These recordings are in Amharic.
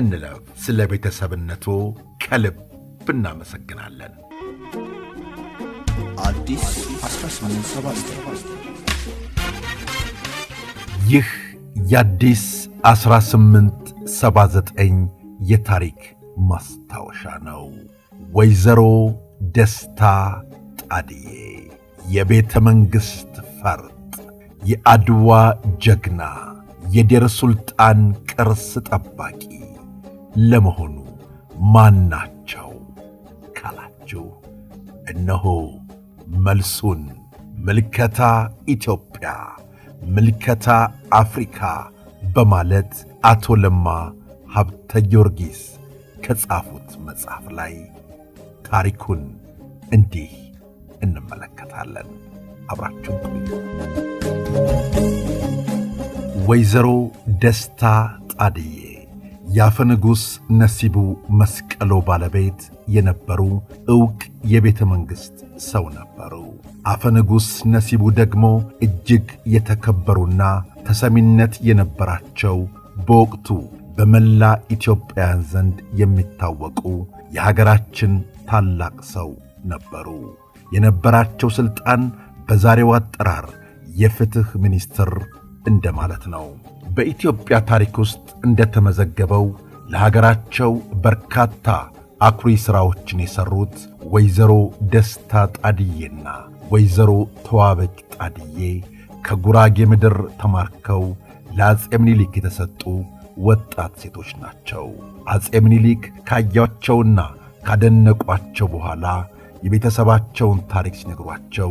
እንለፍ። ስለ ቤተሰብነቱ ከልብ እናመሰግናለን። ይህ የአዲስ 1879 የታሪክ ማስታወሻ ነው። ወይዘሮ ደስታ ጣድዬ የቤተ መንግሥት ፈርጥ፣ የአድዋ ጀግና፣ የዴር ሱልጣን ቅርስ ጠባቂ ለመሆኑ ማን ናቸው ካላችሁ እነሆ መልሱን። ምልከታ ኢትዮጵያ፣ ምልከታ አፍሪካ በማለት አቶ ለማ ሀብተ ጊዮርጊስ ከጻፉት መጽሐፍ ላይ ታሪኩን እንዲህ እንመለከታለን። አብራችሁን ቆዩ። ወይዘሮ ደስታ ጣድዬ የአፈ ንጉሥ ነሲቡ መስቀሎ ባለቤት የነበሩ ዕውቅ የቤተ መንግሥት ሰው ነበሩ። አፈ ንጉሥ ነሲቡ ደግሞ እጅግ የተከበሩና ተሰሚነት የነበራቸው በወቅቱ በመላ ኢትዮጵያውያን ዘንድ የሚታወቁ የሀገራችን ታላቅ ሰው ነበሩ። የነበራቸው ሥልጣን በዛሬው አጠራር የፍትሕ ሚኒስትር እንደማለት ነው። በኢትዮጵያ ታሪክ ውስጥ እንደተመዘገበው ለሀገራቸው በርካታ አኩሪ ሥራዎችን የሠሩት ወይዘሮ ደስታ ጣድዬና ወይዘሮ ተዋበች ጣድዬ ከጉራጌ ምድር ተማርከው ለአጼ ምኒልክ የተሰጡ ወጣት ሴቶች ናቸው። አጼ ምኒልክ ካያቸውና ካደነቋቸው በኋላ የቤተሰባቸውን ታሪክ ሲነግሯቸው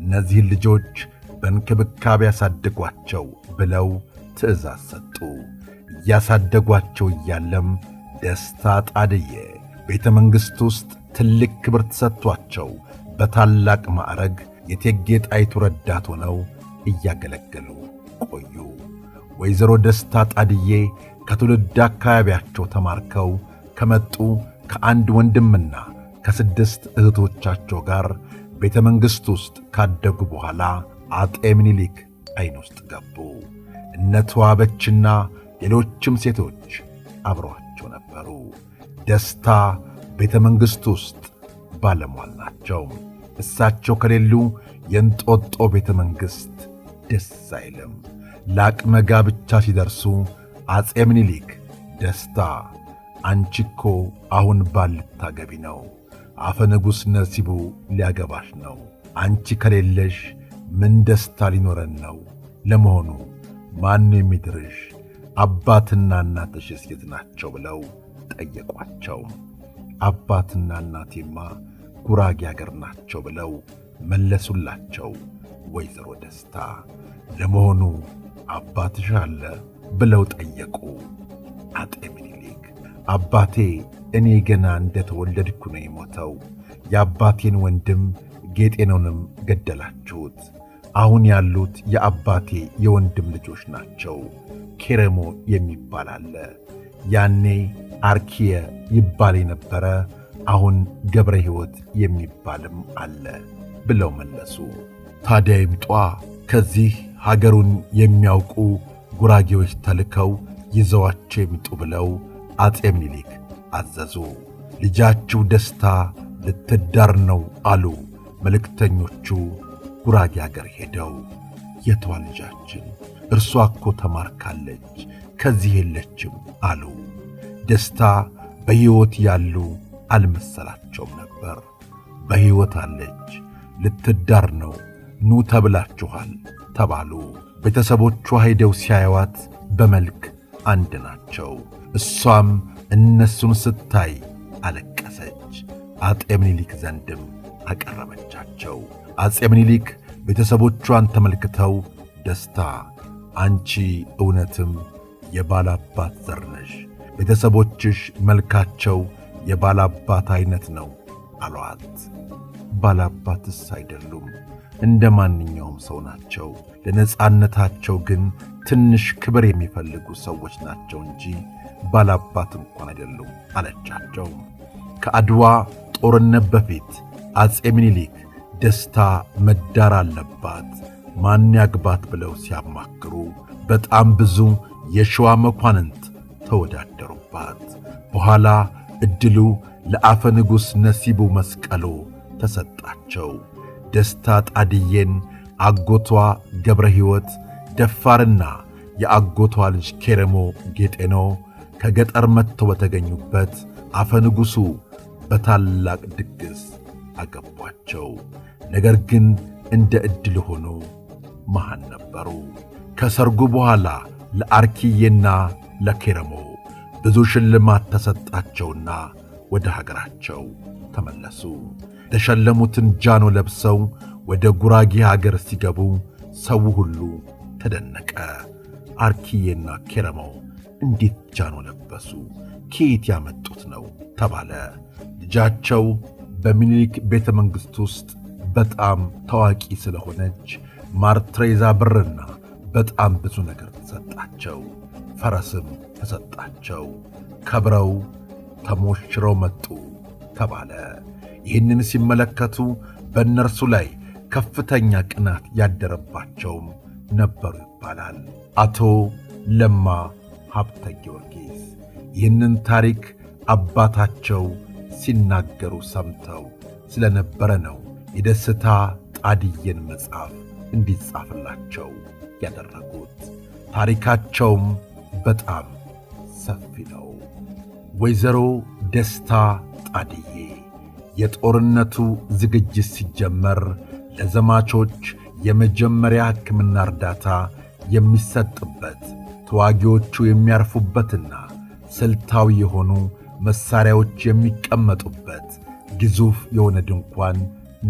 እነዚህን ልጆች በእንክብካቤ ያሳድጓቸው ብለው ትእዛዝ ሰጡ። እያሳደጓቸው እያለም ደስታ ጣድዬ ቤተ መንግሥት ውስጥ ትልቅ ክብር ተሰጥቷቸው በታላቅ ማዕረግ የእቴጌ ጣይቱ ረዳት ሆነው እያገለገሉ ቆዩ። ወይዘሮ ደስታ ጣድዬ ከትውልድ አካባቢያቸው ተማርከው ከመጡ ከአንድ ወንድምና ከስድስት እህቶቻቸው ጋር ቤተ መንግሥት ውስጥ ካደጉ በኋላ አጤ ምኒልክ ዓይን ውስጥ ገቡ። እነተዋበችና ሌሎችም ሴቶች አብረዋቸው ነበሩ። ደስታ ቤተ መንግሥት ውስጥ ባለሟል ናቸው። እሳቸው ከሌሉ የእንጦጦ ቤተ መንግሥት ደስ አይልም። ለአቅመ ጋብቻ ሲደርሱ አፄ ምኒሊክ ደስታ አንቺኮ አሁን ባል ልታገቢ ነው፣ አፈ ንጉሥ ነሲቡ ሊያገባሽ ነው። አንቺ ከሌለሽ ምን ደስታ ሊኖረን ነው? ለመሆኑ ማን የሚድርሽ አባትና እናትሽ የት ናቸው ብለው ጠየቋቸው። አባትና እናቴማ ጉራጌ አገር ናቸው ብለው መለሱላቸው ወይዘሮ ደስታ። ለመሆኑ አባትሽ አለ ብለው ጠየቁ አጤ ምኒልክ። አባቴ እኔ ገና እንደተወለድኩ ነው የሞተው። የአባቴን ወንድም ነውንም ገደላችሁት አሁን ያሉት የአባቴ የወንድም ልጆች ናቸው። ኬረሞ የሚባል አለ። ያኔ አርኪየ ይባል የነበረ አሁን ገብረ ሕይወት የሚባልም አለ ብለው መለሱ። ታዲያ ይምጧ ከዚህ ሀገሩን የሚያውቁ ጉራጌዎች ተልከው ይዘዋቸው ይምጡ ብለው አፄ ምኒልክ አዘዙ። ልጃችሁ ደስታ ልትዳር ነው አሉ መልእክተኞቹ ጉራጌ አገር ሄደው የቷ ልጃችን እርሷ እኮ ተማርካለች ከዚህ የለችም አሉ። ደስታ በሕይወት ያሉ አልመሰላቸውም ነበር። በሕይወት አለች፣ ልትዳር ነው፣ ኑ ተብላችኋል ተባሉ። ቤተሰቦቿ ሄደው ሲያየዋት በመልክ አንድ ናቸው። እሷም እነሱን ስታይ አለቀሰች። አጤ ምኒልክ ዘንድም አቀረበቻቸው። አጼ ምኒልክ ቤተሰቦቿን ተመልክተው ደስታ አንቺ እውነትም የባላባት ዘር ነሽ፣ ቤተሰቦችሽ መልካቸው የባላባት ዐይነት ነው አሏት። ባላባትስ አይደሉም፣ እንደ ማንኛውም ሰው ናቸው። ለነጻነታቸው ግን ትንሽ ክብር የሚፈልጉ ሰዎች ናቸው እንጂ ባላባት እንኳን አይደሉም አለቻቸው። ከአድዋ ጦርነት በፊት አጼ ምኒልክ ደስታ መዳር አለባት፣ ማን ያግባት ብለው ሲያማክሩ በጣም ብዙ የሸዋ መኳንንት ተወዳደሩባት። በኋላ ዕድሉ ለአፈ ንጉሥ ነሲቡ መስቀሉ ተሰጣቸው። ደስታ ጣድዬን አጎቷ ገብረ ሕይወት ደፋርና የአጎቷ ልጅ ኬረሞ ጌጤኖ ከገጠር መጥተው በተገኙበት አፈ ንጉሡ በታላቅ ድግስ አገቧቸው። ነገር ግን እንደ ዕድል ሆኖ መሃን ነበሩ። ከሰርጉ በኋላ ለአርኪዬና ለኬረሞ ብዙ ሽልማት ተሰጣቸውና ወደ ሀገራቸው ተመለሱ። የተሸለሙትን ጃኖ ለብሰው ወደ ጉራጌ ሀገር ሲገቡ ሰው ሁሉ ተደነቀ። አርኪዬና ኬረሞ እንዴት ጃኖ ለበሱ? ከየት ያመጡት ነው ተባለ። ልጃቸው በሚኒሊክ ቤተ መንግሥት ውስጥ በጣም ታዋቂ ስለሆነች ማርትሬዛ ብርና በጣም ብዙ ነገር ተሰጣቸው። ፈረስም ተሰጣቸው። ከብረው ተሞሽረው መጡ ተባለ። ይህንን ሲመለከቱ በእነርሱ ላይ ከፍተኛ ቅናት ያደረባቸውም ነበሩ ይባላል። አቶ ለማ ሀብተ ጊዮርጊስ ይህንን ታሪክ አባታቸው ሲናገሩ ሰምተው ስለነበረ ነው የደስታ ጣድየን መጽሐፍ እንዲጻፍላቸው ያደረጉት። ታሪካቸውም በጣም ሰፊ ነው። ወይዘሮ ደስታ ጣድዬ የጦርነቱ ዝግጅት ሲጀመር ለዘማቾች የመጀመሪያ ሕክምና እርዳታ የሚሰጥበት ተዋጊዎቹ የሚያርፉበትና ስልታዊ የሆኑ መሣሪያዎች የሚቀመጡበት ግዙፍ የሆነ ድንኳን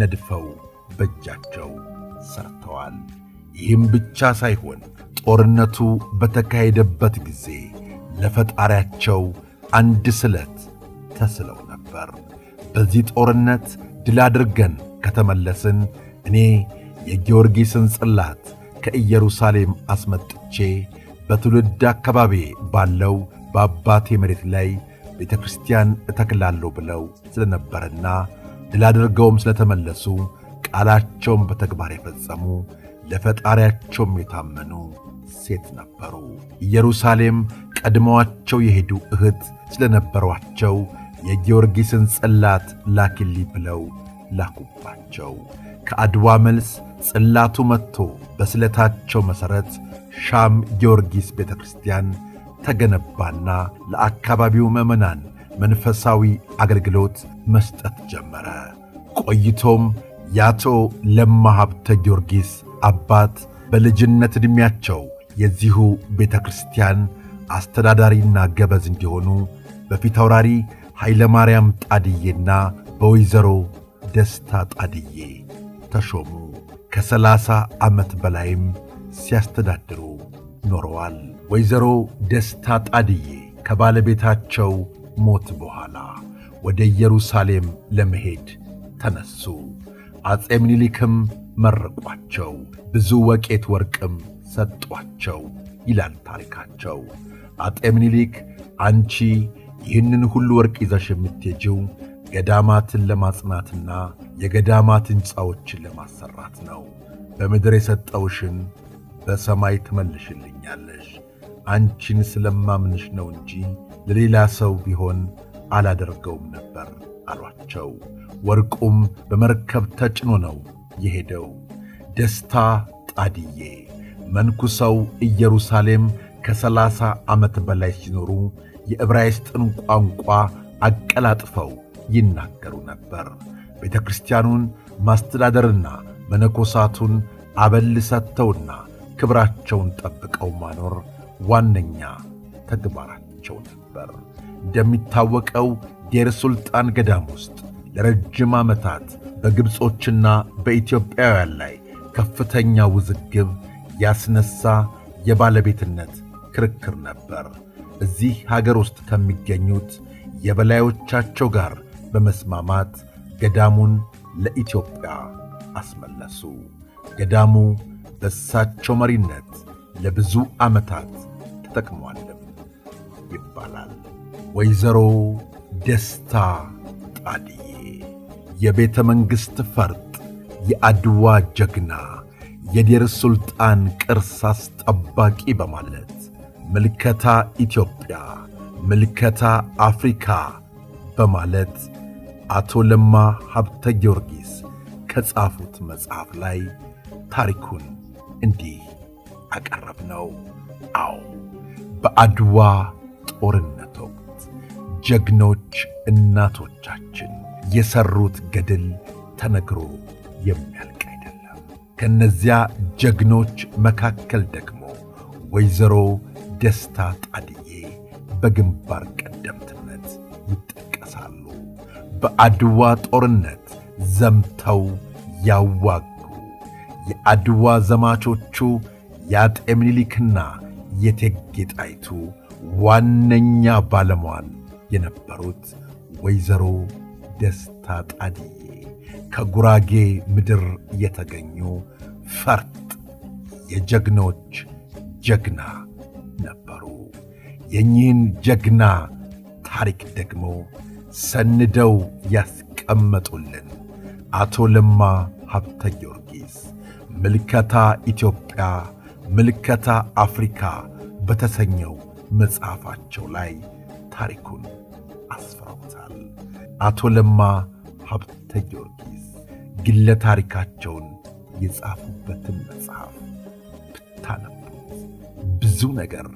ነድፈው በእጃቸው ሰርተዋል። ይህም ብቻ ሳይሆን ጦርነቱ በተካሄደበት ጊዜ ለፈጣሪያቸው አንድ ስለት ተስለው ነበር። በዚህ ጦርነት ድል አድርገን ከተመለስን እኔ የጊዮርጊስን ጽላት ከኢየሩሳሌም አስመጥቼ በትውልድ አካባቢ ባለው በአባቴ መሬት ላይ ቤተ ክርስቲያን እተክላለሁ ብለው ስለነበርና ድል አድርገውም ስለተመለሱ ቃላቸውን በተግባር የፈጸሙ ለፈጣሪያቸውም የታመኑ ሴት ነበሩ። ኢየሩሳሌም ቀድመዋቸው የሄዱ እህት ስለነበሯቸው የጊዮርጊስን ጽላት ላኪሊ ብለው ላኩባቸው። ከአድዋ መልስ ጽላቱ መጥቶ በስለታቸው መሠረት ሻም ጊዮርጊስ ቤተ ክርስቲያን ተገነባና ለአካባቢው ምዕመናን መንፈሳዊ አገልግሎት መስጠት ጀመረ። ቆይቶም የአቶ ለማ ሀብተ ጊዮርጊስ አባት በልጅነት ዕድሜያቸው የዚሁ ቤተ ክርስቲያን አስተዳዳሪና ገበዝ እንዲሆኑ በፊት አውራሪ ኃይለማርያም ጣድዬና በወይዘሮ ደስታ ጣድዬ ተሾሙ። ከሰላሳ ዓመት በላይም ሲያስተዳድሩ ኖረዋል። ወይዘሮ ደስታ ጣድዬ ከባለቤታቸው ሞት በኋላ ወደ ኢየሩሳሌም ለመሄድ ተነሱ። አፄ ምኒልክም መረቋቸው፣ ብዙ ወቄት ወርቅም ሰጧቸው ይላል ታሪካቸው። አጤ ምኒልክ አንቺ ይህንን ሁሉ ወርቅ ይዘሽ የምትሄጂው ገዳማትን ለማጽናትና የገዳማት ሕንፃዎችን ለማሰራት ነው። በምድር የሰጠውሽን በሰማይ ትመልሽልኛለሽ። አንቺን ስለማምንሽ ነው እንጂ ለሌላ ሰው ቢሆን አላደርገውም ነበር አሏቸው። ወርቁም በመርከብ ተጭኖ ነው የሄደው። ደስታ ጣድዬ መንኩሰው ኢየሩሳሌም ከሰላሳ ዓመት በላይ ሲኖሩ የዕብራይስጥን ቋንቋ አቀላጥፈው ይናገሩ ነበር። ቤተ ክርስቲያኑን ማስተዳደርና መነኮሳቱን አበል ሰጥተውና ክብራቸውን ጠብቀው ማኖር ዋነኛ ተግባራት ይኖራቸው ነበር። እንደሚታወቀው ዴር ሱልጣን ገዳም ውስጥ ለረጅም ዓመታት በግብጾችና በኢትዮጵያውያን ላይ ከፍተኛ ውዝግብ ያስነሳ የባለቤትነት ክርክር ነበር። እዚህ ሀገር ውስጥ ከሚገኙት የበላዮቻቸው ጋር በመስማማት ገዳሙን ለኢትዮጵያ አስመለሱ። ገዳሙ በእሳቸው መሪነት ለብዙ ዓመታት ተጠቅሟል። ይባላል። ወይዘሮ ደስታ ጣድዬ የቤተ መንግሥት ፈርጥ፣ የአድዋ ጀግና፣ የዴር ሱልጣን ቅርስ አስጠባቂ በማለት ምልከታ ኢትዮጵያ፣ ምልከታ አፍሪካ በማለት አቶ ለማ ሀብተ ጊዮርጊስ ከጻፉት መጽሐፍ ላይ ታሪኩን እንዲህ አቀረብ ነው። አዎ በአድዋ ጦርነት ወቅት ጀግኖች እናቶቻችን የሰሩት ገድል ተነግሮ የሚያልቅ አይደለም። ከእነዚያ ጀግኖች መካከል ደግሞ ወይዘሮ ደስታ ጣድዬ በግንባር ቀደምትነት ይጠቀሳሉ። በአድዋ ጦርነት ዘምተው ያዋጉ የአድዋ ዘማቾቹ የአጤ ምኒልክና የእቴጌ ጣይቱ ዋነኛ ባለሟል የነበሩት ወይዘሮ ደስታ ጣድዬ ከጉራጌ ምድር የተገኙ ፈርጥ የጀግኖች ጀግና ነበሩ። የኚህን ጀግና ታሪክ ደግሞ ሰንደው ያስቀመጡልን አቶ ለማ ሀብተ ጊዮርጊስ ምልከታ ኢትዮጵያ ምልከታ አፍሪካ በተሰኘው መጽሐፋቸው ላይ ታሪኩን አስፍረውታል። አቶ ለማ ሀብተ ጊዮርጊስ ግለ ታሪካቸውን የጻፉበትን መጽሐፍ ብታነቡት ብዙ ነገር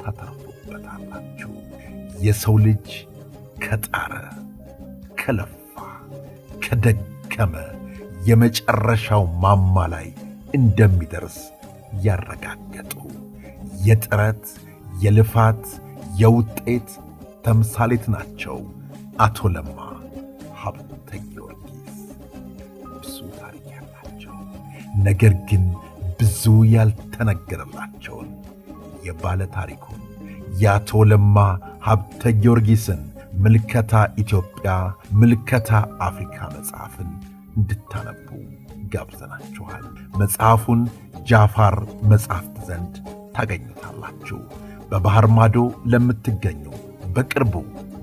ታተርፉበታላችሁ። የሰው ልጅ ከጣረ፣ ከለፋ፣ ከደከመ የመጨረሻው ማማ ላይ እንደሚደርስ ያረጋገጡ የጥረት የልፋት የውጤት ተምሳሌት ናቸው። አቶ ለማ ሀብተ ጊዮርጊስ ብዙ ታሪክ ያላቸው ነገር ግን ብዙ ያልተነገረላቸውን የባለ ታሪኩን የአቶ ለማ ሀብተ ጊዮርጊስን ምልከታ ኢትዮጵያ ምልከታ አፍሪካ መጽሐፍን እንድታነቡ ጋብዘናችኋል። መጽሐፉን ጃፋር መጽሐፍት ዘንድ ታገኙታላችሁ። በባህር ማዶ ለምትገኙ በቅርቡ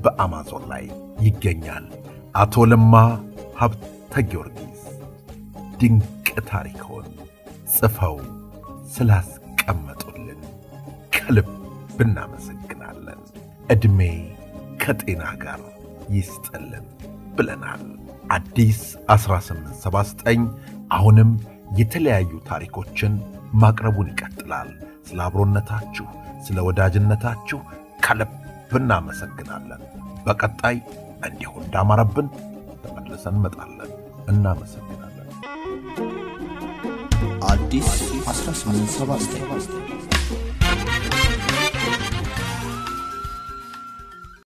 በአማዞን ላይ ይገኛል። አቶ ለማ ሀብተ ጊዮርጊስ ድንቅ ታሪክዎን ጽፈው ስላስቀመጡልን ከልብ እናመሰግናለን። ዕድሜ ከጤና ጋር ይስጥልን ብለናል። አዲስ 1879 አሁንም የተለያዩ ታሪኮችን ማቅረቡን ይቀጥላል። ስለ አብሮነታችሁ፣ ስለ ወዳጅነታችሁ ከልብ እናመሰግናለን። በቀጣይ እንዲሁ እንዳማረብን ተመልሰን እንመጣለን። እናመሰግናለን። አዲስ 1879